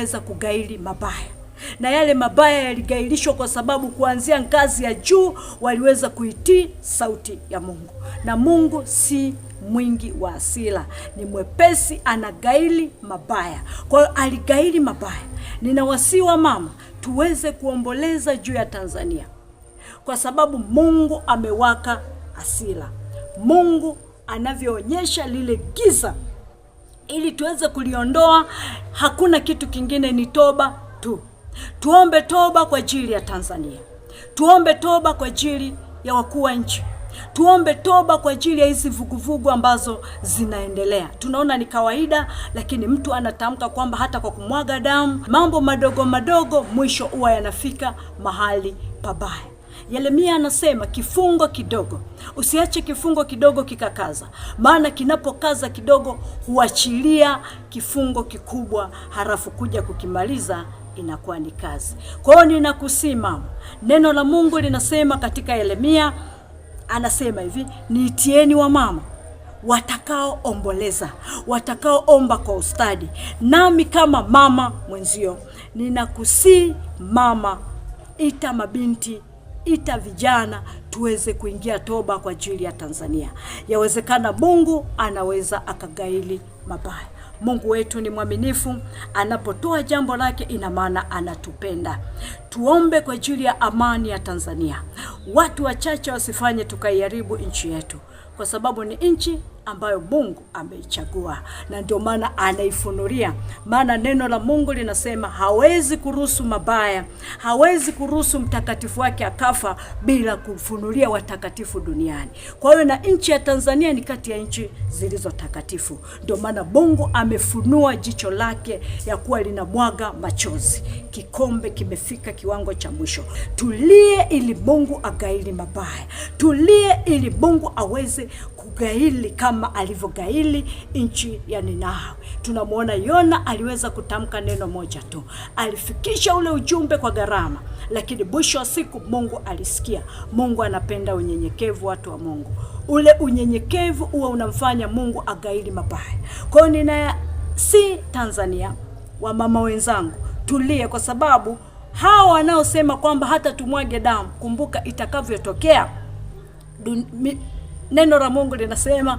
weza kugaili mabaya na yale mabaya yaligailishwa kwa sababu kuanzia ngazi ya juu waliweza kuitii sauti ya Mungu. Na Mungu si mwingi wa hasira, ni mwepesi, anagaili mabaya. Kwa hiyo aligaili mabaya. Ninawasiwa mama, tuweze kuomboleza juu ya Tanzania kwa sababu Mungu amewaka hasira. Mungu anavyoonyesha lile giza ili tuweze kuliondoa. Hakuna kitu kingine, ni toba tu. Tuombe toba kwa ajili ya Tanzania, tuombe toba kwa ajili ya wakuu wa nchi, tuombe toba kwa ajili ya hizi vuguvugu ambazo zinaendelea. Tunaona ni kawaida, lakini mtu anatamka kwamba hata kwa kumwaga damu, mambo madogo madogo mwisho huwa yanafika mahali pabaya. Yeremia anasema kifungo kidogo, usiache kifungo kidogo kikakaza, maana kinapokaza kidogo huachilia kifungo kikubwa, halafu kuja kukimaliza inakuwa ni kazi. Kwa hiyo ninakusimama, neno la Mungu linasema katika Yeremia, anasema hivi, niitieni wamama watakaoomboleza watakaoomba kwa ustadi, nami kama mama mwenzio ninakusii mama, ita mabinti ita vijana tuweze kuingia toba kwa ajili ya Tanzania. Yawezekana Mungu anaweza akagaili mabaya. Mungu wetu ni mwaminifu, anapotoa jambo lake ina maana anatupenda. Tuombe kwa ajili ya amani ya Tanzania, watu wachache wasifanye tukaiharibu nchi yetu, kwa sababu ni nchi ambayo Mungu ameichagua, na ndio maana anaifunulia. Maana neno la Mungu linasema hawezi kuruhusu mabaya, hawezi kuruhusu mtakatifu wake akafa bila kufunulia watakatifu duniani. Kwa hiyo, na nchi ya Tanzania ni kati ya nchi zilizo takatifu. Ndio maana Mungu amefunua jicho lake ya kuwa linamwaga machozi, kikombe kimefika kiwango cha mwisho. Tulie ili Mungu agaili mabaya, tulie ili Mungu aweze kugaili kama alivyogaili nchi ya Ninawi. Tunamwona Yona aliweza kutamka neno moja tu, alifikisha ule ujumbe kwa gharama, lakini mwisho wa siku Mungu alisikia. Mungu anapenda unyenyekevu, watu wa Mungu. Ule unyenyekevu huwa unamfanya Mungu agaili mabaya. Kwa hiyo nina si Tanzania, wamama wenzangu, tulie kwa sababu hawa wanaosema kwamba hata tumwage damu, kumbuka itakavyotokea Neno la Mungu linasema